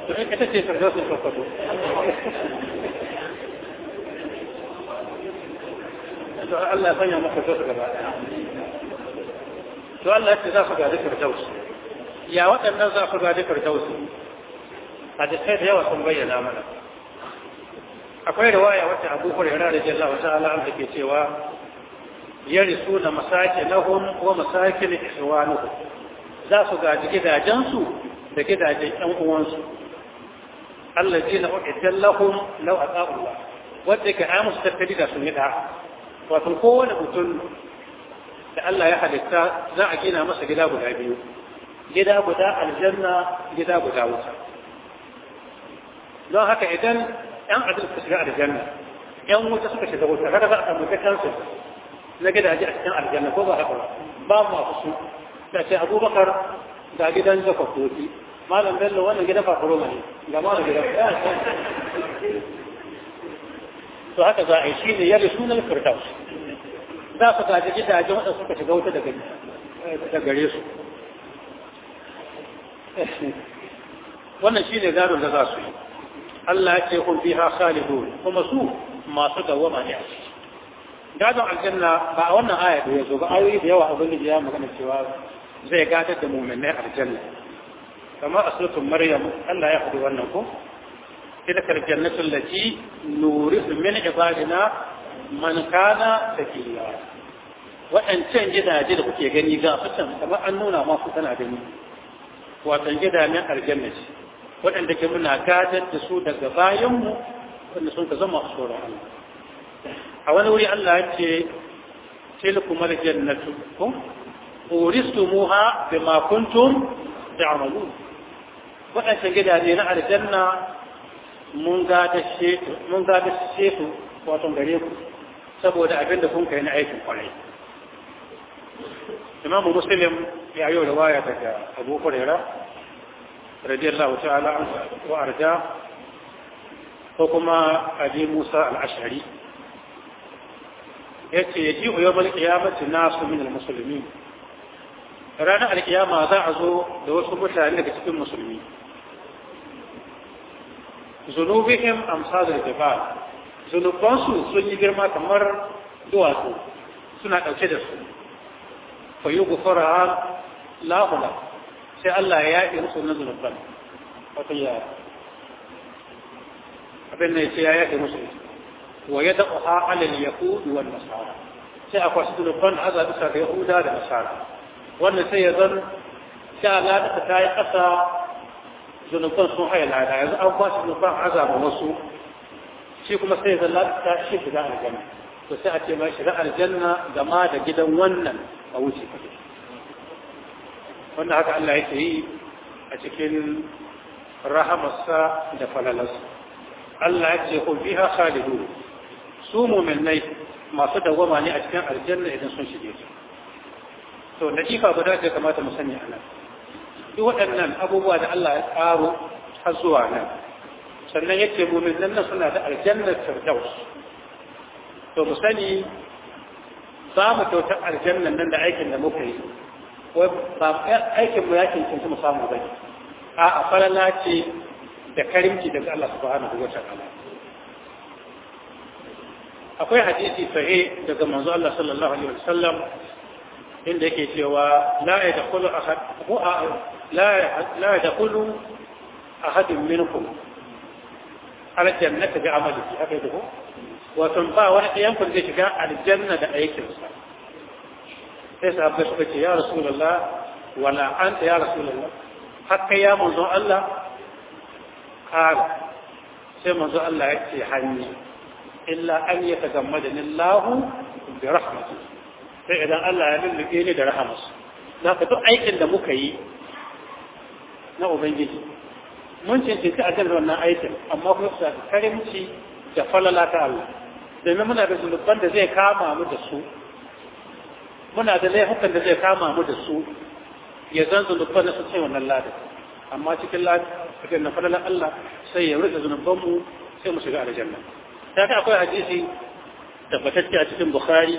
to in ka tace firdausin sokoto to Allah ya sanya maka sokoto gaba to Allah ya ce za ka ga firdausin ya waɗannan za ku zaɗi firdausi hadisai da yawa sun bayyana mana akwai riwaya wata abu hurairah wata ta'ala da ke cewa masake na yarisuna masakinahum wa masakin ihwanuhum za su gaji gidajensu da gidajen ɗan uwansu Allah ji na allazina u'iddat lahum law ata'ullah wanda ke amu su tattali da sun yi ɗa, wato kowane mutum da Allah ya halitta za a gina masa gida guda biyu gida guda aljanna gida guda wuta don haka idan yan adil suka shiga aljanna yan wuta suka shiga wuta kada za a samu ta kansu na gidaje a cikin aljanna ko ba haka ba mu masu su da ce abubakar da gidan jakob doki malam bello wannan gidan fakoro ne ga malam gidan to haka za a yi shi ne yare sunan firdaus za su gaji gidajen waɗanda suka shiga wuta daga gare su wannan shine gadon da za su yi Allah ya ce kun fiha khalidun kuma su masu dawama ne a ciki gadon aljanna ba a wannan aya da yazo ba ayoyi da yawa abin da ya magana cewa zai gadar da mu'minai aljanna kamar a maryam Allah ya faɗi wannan ko ibadina الجنة التي نورث من عبادنا من كان تقيا وأن تنجد أجل كي غني kamar an nuna masu tana بني watan gidanen aljanna ce waɗanda ke muna gadar da su daga bayanmu wanda sun ka zama a tsoron Allah a wani wuri Allah ya ce tilkum aljannatu ko uristumuha bima kuntum ta'malun waɗannan gidaje na aljanna mun gadashe mun gadashe su wato gare ku saboda abin da kun kai na aikin kwarai imamu muslim ya yi riwaya daga abu huraira radiyallahu ta'ala wa arda ko kuma abi musa Alashari. al-ashari yace yaji yawmal qiyamati nasu min al-muslimin ranar alkiyama za a zo da wasu mutane daga cikin musulmi zunubihim da jibal zunubansu sun yi girma kamar duwatsu suna ɗauke da su فيغفرها لا أقول سأل الله يا رسول نزل الظلم وقل يا أبن يا رسول ويدعها على اليهود والنصارى سأقوى سدل الظلم هذا بسر يهود هذا النصارى وأن سيظن سأل الله تتاي أسا سدل الظلم سنحي العالى أو باسد الظلم عذاب ونصو سيكون سيظن الله تتاي شيخ دعنا جميعا to sai a ce mai shiga aljanna gama da gidan wannan a wuce wannan haka Allah yake yi a cikin rahamarsa da falalarsa Allah ya ce kun biha khalidu su mu'minai masu dawwama ne a cikin aljanna idan sun shige su to na nasifa guda ce kamata mu sani anan duk waɗannan abubuwa da Allah ya tsaro har zuwa nan sannan yace mu'minan nan suna da aljannar firdaus to mu sani ba mu kyautar aljannan nan da aikin da muka yi ba aikin mu ya cancanci mu samu ba a a falala ce da karimci daga Allah subhanahu wa ta'ala akwai hadisi sahih daga manzo Allah sallallahu alaihi wasallam inda yake cewa la yadkhulu ahad la la yadkhulu ahad minkum ala jannati bi amalihi haka yake wato ba wani ɗayan ku zai shiga aljanna da aikinsa sai sahabbai suka ce ya rasulullah wala anta ya rasulullah hakka ya manzo Allah kara sai manzo Allah ya ce hanyi illa an ya tagammada lillahu bi rahmati sai idan Allah ya lulluɓe ni da rahamarsa na ka duk aikin da muka yi na ubangiji mun cancanci a kan wannan aikin amma kuma su karimci da falala ta Allah domin muna da zunuban da zai kama mu da su muna da laifukan da zai kama mu da su ya zan zunuban na su ce wannan amma cikin ladin na falalar Allah sai ya rika zunubanmu sai mu shiga aljanna ta ka akwai hadisi tabbatacce a cikin bukhari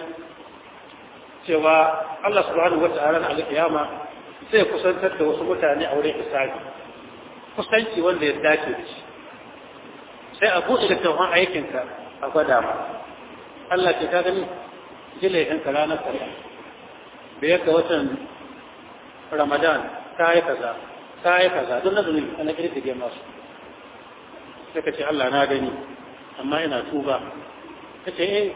cewa Allah subhanahu wa ta'ala na alƙiyama zai kusantar da wasu mutane a wurin hisabi kusanci wanda ya dace da shi sai a buɗe da tawon aikinka a gwada ma Allah ce ta gani jile yan ka ranar kaza bai yadda watan ramadan ta yi kaza ta yi kaza don na ana kirkige masu sai ka ce Allah na gani amma ina tuba ka ce eh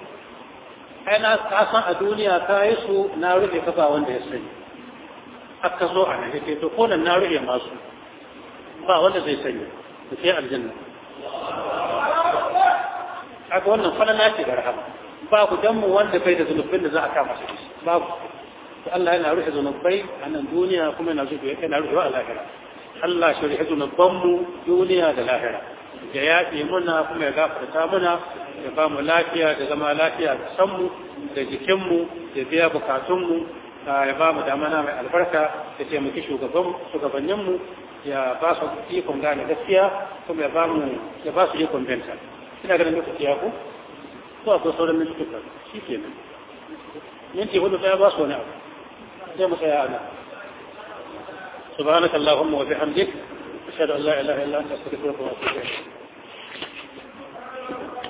ai na san a duniya ka yi su na rufe kafa wanda ya sani aka zo a nan yake to ko nan na rufe masu ba wanda zai sani da sai aljanna kaga wannan falala ce da rahama ba babu danmu wanda bai da zunubin da za a kama shi babu to Allah yana rufe zunubai a nan duniya kuma yana zuwa yana rufe a lahira Allah shi rufe zunuban mu duniya da lahira ya yafe muna kuma ya gafarta muna ya ba mu lafiya da zama lafiya da san mu da jikin mu da biya bukatun mu ya ba mu damana mai albarka ya taimaki shugaban shugabannin mu ya ba su ikon gane gaskiya kuma ya ba mu ya ba su ikon benta suna lokaci ya ko ko ko sauran minti kuka shi ke nan minti hudu ɗaya ba su wani abu sai mu tsaya ana سبحانك اللهم وبحمدك أشهد أن لا إله إلا أنت أستغفرك وأتوب إليك